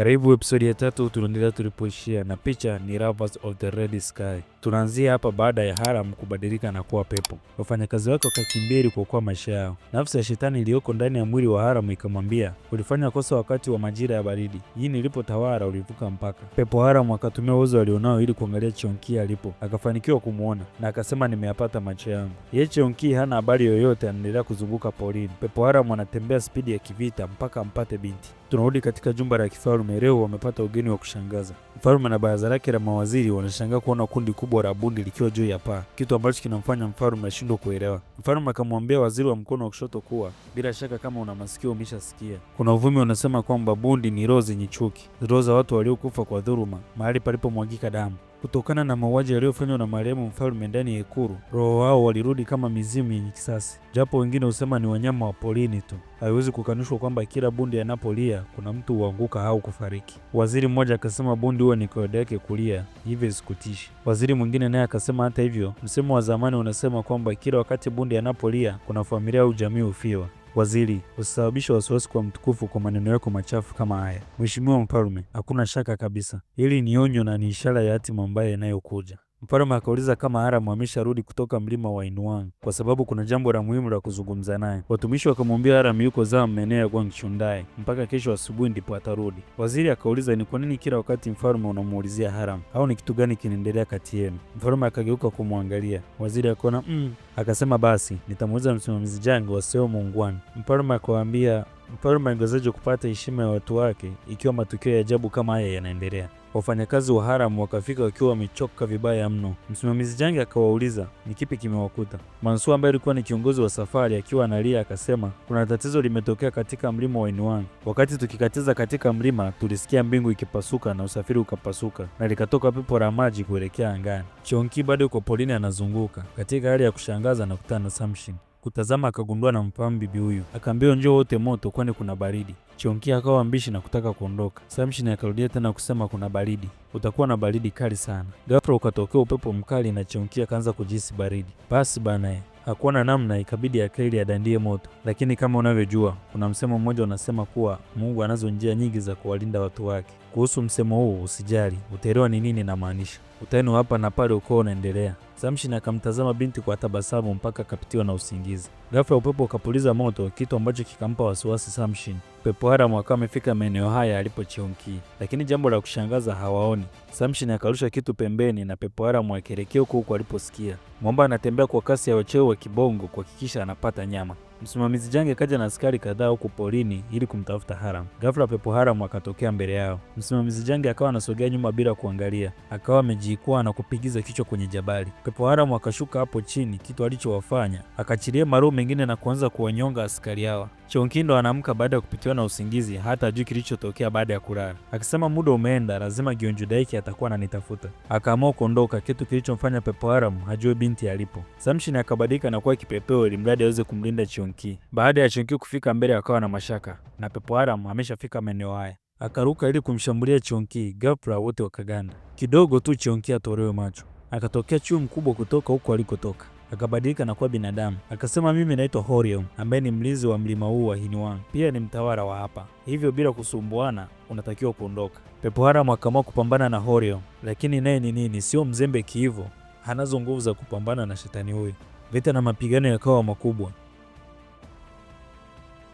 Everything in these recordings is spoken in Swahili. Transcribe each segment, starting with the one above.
Karibu episodi ya tatu, tunaendelea tulipoishia, na picha ni Lovers of the Red Sky. Tunaanzia hapa baada ya Haram kubadilika na kuwa pepo, wafanyakazi wake wakakimbia ili kuokoa maisha yao. Nafsi ya shetani iliyoko ndani ya mwili wa Haram ikamwambia, ulifanya kosa wakati wa majira ya baridi lipo nilipotawala, ulivuka mpaka. Pepo Haram akatumia uwezo alionao ili kuangalia Chonki alipo, akafanikiwa kumwona na akasema, nimeyapata macho yangu. Ye Chonki hana habari yoyote, anaendelea kuzunguka porini. Pepo Haram anatembea spidi ya kivita mpaka ampate binti. Tunarudi katika jumba la kifalme Mereo wamepata ugeni wa kushangaza. Mfalme na baraza lake la mawaziri wanashangaa kuona kundi kubwa la bundi likiwa juu ya paa, kitu ambacho kinamfanya mfalme ashindwe kuelewa. Mfalme akamwambia waziri wa mkono wa kushoto kuwa bila shaka, kama una masikio umeshasikia, kuna uvumi unasema kwamba bundi ni roho zenye chuki, roho za watu waliokufa kwa dhuluma, mahali palipomwagika damu. Kutokana na mauaji yaliyofanywa na marehemu mfalme ndani ya ikulu, roho wao walirudi kama mizimu yenye kisasi, japo wengine husema ni wanyama wa porini tu. Haiwezi kukanushwa kwamba kila bundi anapolia kuna mtu huanguka au kufariki. Waziri mmoja akasema bundi huo ni kawaida yake kulia, hivyo isikutishi. Waziri mwingine naye akasema hata hivyo, msemo wa zamani unasema kwamba kila wakati bundi anapolia kuna familia au jamii hufiwa. Waziri, usababisha wasiwasi kwa mtukufu kwa maneno yako machafu kama haya. Mheshimiwa Mfalme, hakuna shaka kabisa, hili ni onyo na ni ishara ya hatima mbaya inayokuja. Mfalme akauliza kama Hiramu amesharudi kutoka mlima wa Inuang kwa sababu kuna jambo la muhimu la kuzungumza naye. Watumishi wakamwambia Aram yuko Zam maeneo ya Gwangchundae mpaka kesho asubuhi ndipo atarudi. Waziri akauliza ni kwa nini kila wakati mfalme unamuulizia Aram au ni kitu gani kinaendelea kati yenu? Mfalme akageuka kumwangalia waziri, akaona mm. Akasema basi nitamuuliza msimamizi jangu wasio muungwana. Mfalme akawaambia, mfalme angewezaje kupata heshima ya watu wake ikiwa matukio ya ajabu kama haya yanaendelea? Wafanyakazi wa haramu wakafika wakiwa wamechoka vibaya mno. Msimamizi Jange akawauliza ni kipi kimewakuta. Mansur ambaye alikuwa ni kiongozi wa safari akiwa analia akasema, kuna tatizo limetokea katika mlima wa Inuan. Wakati tukikatiza katika mlima, tulisikia mbingu ikipasuka na usafiri ukapasuka na likatoka pepo la maji kuelekea angani. Chonki bado yuko polini anazunguka. Katika hali ya kushangaza na na Samshin kutazama akagundua na mfahamu bibi huyu, akaambiwa njoo wote moto, kwani kuna baridi. Chonkia akawa mbishi na kutaka kuondoka. samshin akarudia tena kusema kuna baridi, utakuwa na baridi kali sana. Ghafla ukatokea upepo mkali na Chonkia akaanza kujisi baridi. Basi bana, hakuwa na namna, ikabidi akaili adandie moto. Lakini kama unavyojua, kuna msemo mmoja unasema kuwa Mungu anazo njia nyingi za kuwalinda watu wake. Kuhusu msemo huu usijali utaelewa ni nini namaanisha. Utani hapa na pale ukoo unaendelea. Samshin akamtazama binti kwa tabasamu mpaka akapitiwa na usingizi. Ghafla upepo ukapuliza moto, kitu ambacho kikampa wasiwasi Samshin. Pepo haramu akawa amefika maeneo haya alipocheunki, lakini jambo la kushangaza hawaoni. Samshin akarusha kitu pembeni na pepo haramu akielekea huko huko aliposikia. Mwamba anatembea kwa kasi ya wacheo wa kibongo kuhakikisha anapata nyama. Msimamizi Jange kaja na askari kadhaa huko porini ili kumtafuta Haram. Ghafla pepo Haram akatokea mbele yao. Msimamizi Jange akawa anasogea nyuma bila kuangalia, akawa amejikwaa na kupigiza kichwa kwenye jabali. Pepo Haram akashuka hapo chini, kitu alichowafanya akachilia maruu mengine na kuanza kuwanyonga askari hawa. Chonkindo anaamka baada ya kupitiwa na usingizi, hata ajui kilichotokea baada ya kulala, akisema muda umeenda, lazima Gionju Daiki atakuwa ananitafuta. Akaamua kuondoka, kitu kilichomfanya Pepo Haram hajue binti alipo. Samshin akabadilika na kuwa kipepeo ili mradi aweze kumlinda Chonkindo. Chonki. Baada ya Chonki kufika mbele, akawa na mashaka na Pepo Haram ameshafika maeneo haya, akaruka ili kumshambulia Chonki. Ghafla wote wakaganda kidogo tu, Chonki atolewe macho. Akatokea chui mkubwa kutoka huko alikotoka, akabadilika na kuwa binadamu. Akasema, mimi naitwa Horium, ambaye ni mlinzi wa mlima huu wa Hiniwang, pia ni mtawala wa hapa, hivyo bila kusumbuana unatakiwa kuondoka. Pepo Haram akaamua kupambana na Horium, lakini naye ni nini, sio mzembe kiivo, hanazo nguvu za kupambana na shetani huyu. Vita na mapigano yakawa makubwa.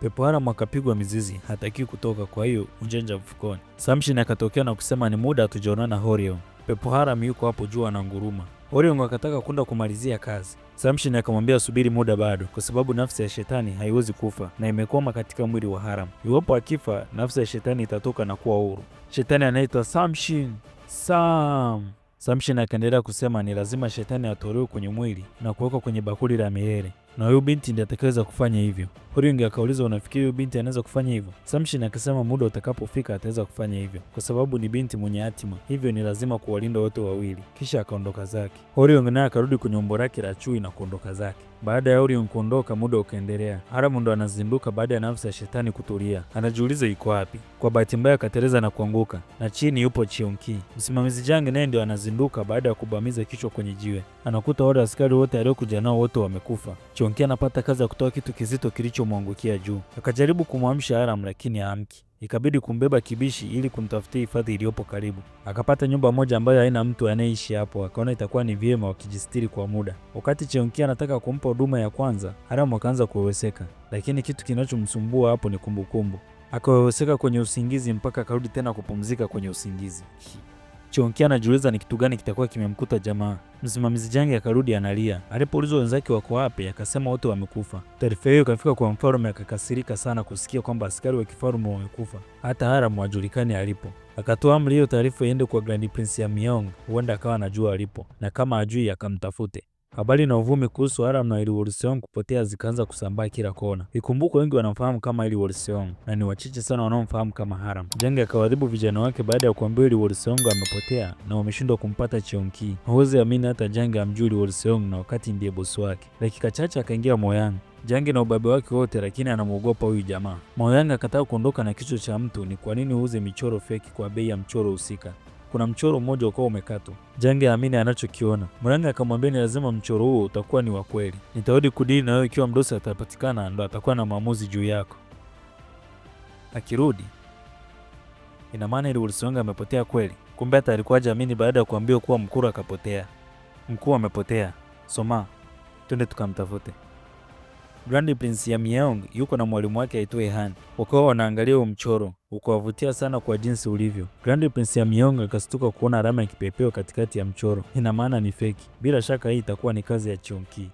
Pepo Haram akapigwa mizizi, hataki kutoka, kwa hiyo unjenja mfukoni. Samshin akatokea na kusema ni muda hatujaonana Horion, Pepo Haram yuko hapo juu ananguruma. Horion akataka kwenda kumalizia kazi. Samshin akamwambia subiri muda bado, kwa sababu nafsi ya shetani haiwezi kufa na imekwama katika mwili wa Haram. Iwapo akifa, nafsi ya shetani itatoka na kuwa huru. Shetani anaitwa Samshin. Sam Samshin akaendelea kusema ni lazima shetani atolewe kwenye mwili na kuwekwa kwenye bakuli la milele na huyu binti ndiye atakayeweza kufanya hivyo. Huring akauliza, unafikiri huyu binti anaweza kufanya hivyo? Samshin akasema muda utakapofika ataweza kufanya hivyo, kwa sababu ni binti mwenye hatima, hivyo ni lazima kuwalinda wote wawili. Kisha akaondoka zake. Huring naye akarudi kwenye umbo lake la chui na kuondoka zake. Baada ya Orion kuondoka, muda ukaendelea. aramu ndo anazinduka baada ya nafsi ya shetani kutulia, anajiuliza iko wapi. Kwa bahati mbaya akateleza na kuanguka, na chini yupo Cheonki. Msimamizi jange, naye ndio anazinduka baada ya kubamiza kichwa kwenye jiwe, anakuta wale askari wote aliokuja nao wote wamekufa. Cheonki anapata kazi ya kutoa kitu kizito kilichomwangukia juu, akajaribu kumwamsha Haramu lakini haamki. Ikabidi kumbeba Kibishi ili kumtafutia hifadhi iliyopo karibu. Akapata nyumba moja ambayo haina mtu anayeishi hapo, akaona itakuwa ni vyema wakijistiri kwa muda. Wakati Cheonkia anataka kumpa huduma ya kwanza, Haramu akaanza kuweweseka, lakini kitu kinachomsumbua hapo ni kumbukumbu. Akaweweseka kwenye usingizi mpaka akarudi tena kupumzika kwenye usingizi. Chonkia anajiuliza ni kitu gani kitakuwa kimemkuta jamaa. Msimamizi Jange akarudi analia. Alipoulizwa wenzake wako wapi, akasema wote wamekufa. Taarifa hiyo ikafika kwa mfalme, akakasirika sana kusikia kwamba askari wa kifalme wamekufa, hata Haram hajulikani alipo. Akatoa amri hiyo taarifa iende kwa Grand Prince ya Miong, huenda akawa anajua alipo, na kama ajui akamtafute. Habari na uvumi kuhusu Aram na Eliud Seong kupotea zikaanza kusambaa kila kona. Ikumbukwe wengi wanamfahamu kama Eliud Seong na ni wachache sana wanaomfahamu kama haram Jenga akawadhibu vijana wake baada ya kuambiwa Eliud Seong amepotea na wameshindwa kumpata Cheong Ki. Huwezi amini hata Jenga amjui Eliud Seong na wakati ndiye bosi wake. Dakika chache akaingia Moyang Jangi na ubabe wake wote, lakini anamwogopa huyu jamaa. Moyang akataa kuondoka na kichwa cha mtu. Ni kwa nini uuze michoro feki kwa bei ya mchoro husika? kuna mchoro mmoja ukawa umekatwa. Jange amini anachokiona Mrangi akamwambia ni lazima mchoro huo utakuwa ni wa kweli. Nitarudi kudili na wewe ikiwa Mdosi atapatikana, ndo atakuwa na maamuzi juu yako. Akirudi ina maana ile ulisonga amepotea kweli. Kumbe hata alikuwa jamini baada ya kuambiwa kuwa Mkuru akapotea. Mkuu amepotea. Soma, twende tukamtafute. Grand Prince ya Myeong yuko na mwalimu wake aitwaye Han wakiwa wanaangalia huo mchoro, ukawavutia sana kwa jinsi ulivyo. Grand Prince ya Myeong akastuka kuona alama ya kipepeo katikati ya mchoro, ina maana ni feki. Bila shaka hii itakuwa ni kazi ya Chonki.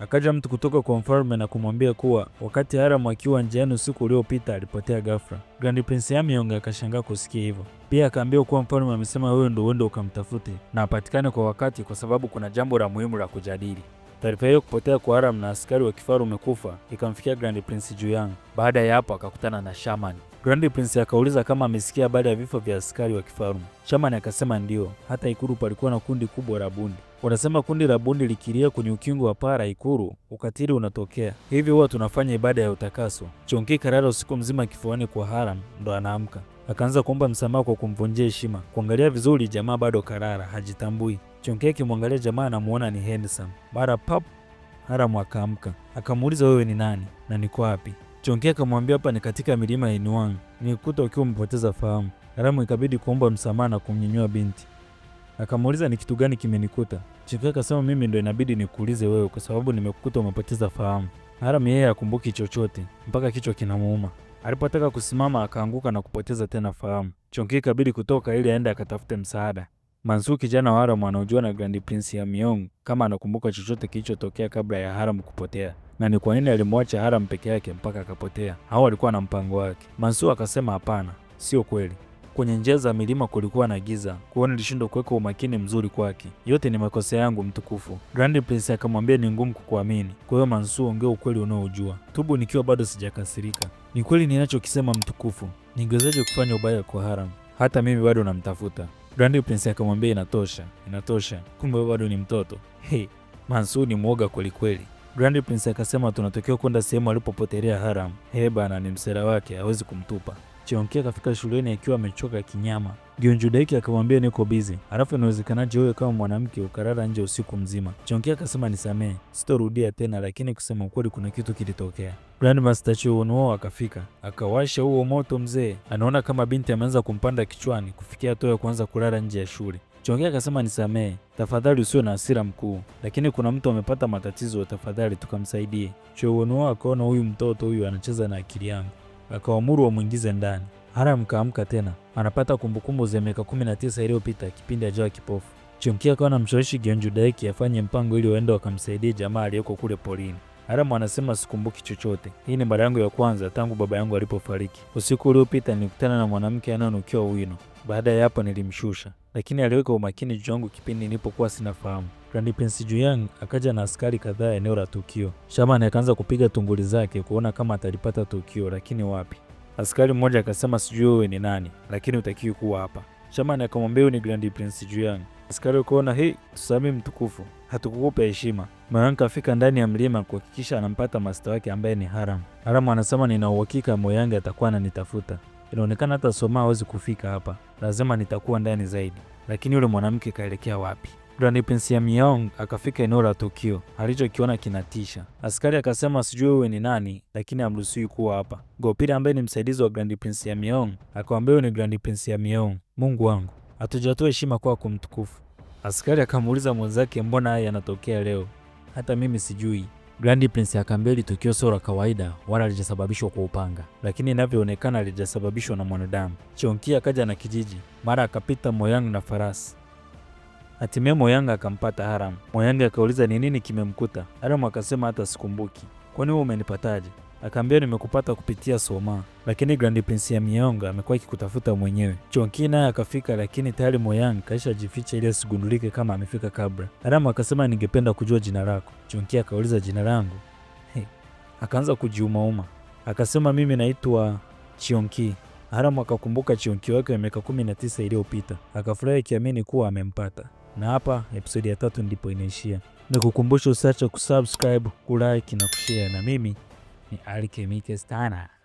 Akaja mtu kutoka kwa mfalme na kumwambia kuwa wakati Haram akiwa njiani usiku uliopita alipotea ghafla. Grand Prince Myeong akashangaa kusikia hivyo. Pia akaambiwa kuwa mfalme amesema wewe ndio uende ukamtafute na apatikane kwa wakati, kwa sababu kuna jambo la muhimu la kujadili. Taarifa hiyo kupotea kwa Aram na askari wa kifaru umekufa ikamfikia Grand Prince Juyang. Baada ya hapo akakutana na Shaman. Grand Prince akauliza kama amesikia baada ya vifo vya askari wa kifaru. Shaman akasema ndio, hata Ikuru palikuwa na kundi kubwa la bundi. Wanasema kundi la bundi likilia kwenye ukingo wa Para Ikuru, ukatili unatokea. Hivyo huwa tunafanya ibada ya utakaso. Chonki karara usiku mzima kifuani kwa Haram, ndo anaamka akaanza kuomba msamaha kwa kumvunjia heshima. Kuangalia vizuri, jamaa bado karara hajitambui. Chonke kimwangalia jamaa anamuona ni handsome. Mara pap Haramu akaamka akamuuliza, wewe ni nani na niko wapi? Chonke akamwambia, hapa ni katika milima ya Inuang, nikuta ukiwa umepoteza fahamu. Haramu ikabidi kuomba msamaha na kumnyanyua binti. Akamuuliza, ni kitu gani kimenikuta? Chonke akasema, mimi ndo inabidi nikuulize wewe kwa sababu nimekukuta umepoteza fahamu. Haramu yeye akumbuki chochote mpaka kichwa kinamuuma. Alipotaka kusimama akaanguka na kupoteza tena fahamu. Chonke ikabidi kutoka ili aende akatafute msaada. Mansu, kijana wa Haram anaojua na Grand Prince ya Myong kama anakumbuka chochote kilichotokea kabla ya Haram kupotea na ni kwa nini alimwacha Haram peke yake mpaka akapotea, au alikuwa na mpango wake. mansu akasema hapana, sio kweli. Kwenye njia za milima kulikuwa na giza, kwao nilishindwa kuweka umakini mzuri kwake. Yote ni makosa yangu mtukufu. Grand Prince akamwambia ni ngumu kukuamini, kwa hiyo Mansu, ongea ukweli unaojua. Tubu nikiwa bado sijakasirika. Ni kweli ninachokisema mtukufu, ningewezaje kufanya ubaya kwa Haram? Hata mimi bado namtafuta. Grand Prince akamwambia inatosha, inatosha, kumbe bado ni mtoto. Hey, Mansu ni mwoga kwelikweli. Grand Prince akasema tunatakiwa kwenda sehemu alipopotelea Haram. He bana, ni msera wake, hawezi kumtupa. Cheonkea kafika shuleni akiwa amechoka kinyama. Gionju Daiki akamwambia niko busy. Alafu inawezekanaje wewe kama mwanamke ukarara nje usiku mzima? Cheonkea akasema nisamee, sitorudia tena, lakini kusema ukweli kuna kitu kilitokea. Grandmaster Chuonuo akafika akawasha huo moto mzee, anaona kama binti ameanza kumpanda kichwani kufikia hatua ya kuanza kulala nje ya shule. Chongea akasema nisamee, tafadhali usiwe na hasira mkuu, lakini kuna mtu amepata matatizo, tafadhali tukamsaidie. Chuonuo akaona huyu mtoto huyu anacheza na akili yangu akawaamuru wamwingize ndani. Haram kaamka tena, anapata kumbukumbu za miaka 19 iliyopita kipindi ajawa kipofu. Chomkia akawa mshawishi Genju Daiki afanye mpango ili waende wakamsaidia jamaa aliyoko kule polini. Haram anasema sikumbuki chochote, hii ni mara yangu ya kwanza tangu baba yangu alipofariki. Usiku uliopita nilikutana na mwanamke anayenukiwa wino. Baada ya hapo nilimshusha, lakini aliweka umakini juu yangu kipindi nilipokuwa sinafahamu. Grand Prince Juyang akaja na askari kadhaa eneo la tukio. Shaban akaanza kupiga tunguli zake kuona kama atalipata tukio, lakini wapi. Askari mmoja akasema, sijui wewe ni nani, lakini utakiwi kuwa hapa. Shaban akamwambia, huyu ni Grand Prince Juyang. Askari ukaona, hii tusami mtukufu, hatukukupa heshima. Moyang kafika ndani ya mlima kuhakikisha anampata masta wake ambaye ni Haram. Haram anasema, nina uhakika Moyang atakuwa ananitafuta Inaonekana hata Soma hawezi kufika hapa, lazima nitakuwa ndani zaidi. Lakini yule mwanamke kaelekea wapi? Ramepsaimyong akafika eneo la tukio, alichokiona kinatisha. Askari akasema sijui wewe ni nani, lakini amruhusiwi kuwa hapa. Gopile ambaye ni msaidizi wa Grand Prince Yamyong akamwambia huyu ni Grand Prince Yamyong. Mungu wangu, hatujatoa heshima kwako mtukufu. Askari akamuuliza mwenzake, mbona haya yanatokea leo? Hata mimi sijui. Grand Prince akambeli tukio sio la kawaida wala halijasababishwa kwa upanga, lakini inavyoonekana halijasababishwa na mwanadamu. Chonkia akaja na kijiji, mara akapita Moyang na farasi Hatimaye Moyanga akampata Haram. Moyanga akauliza ni nini kimemkuta. Haram akasema hata sikumbuki. Kwani wewe umenipataje? Akaambia nimekupata kupitia Soma, lakini Grand Prince ya Mionga amekuwa akikutafuta mwenyewe. Chonki naye akafika, lakini tayari Moyanga kaisha jificha ili asigundulike kama amefika kabla. Haram akasema ningependa kujua jina lako. Chonki akauliza jina langu. Hey. Akaanza kujiumauma akasema mimi naitwa Chionki. Haram akakumbuka Chionki wake wa miaka kumi na tisa iliyopita akafurahi akiamini kuwa amempata na hapa episodi ya tatu ndipo inaishia. Ni kukumbusha usacha kusubscribe, kulike na kushare, na mimi ni Alchemist Tana.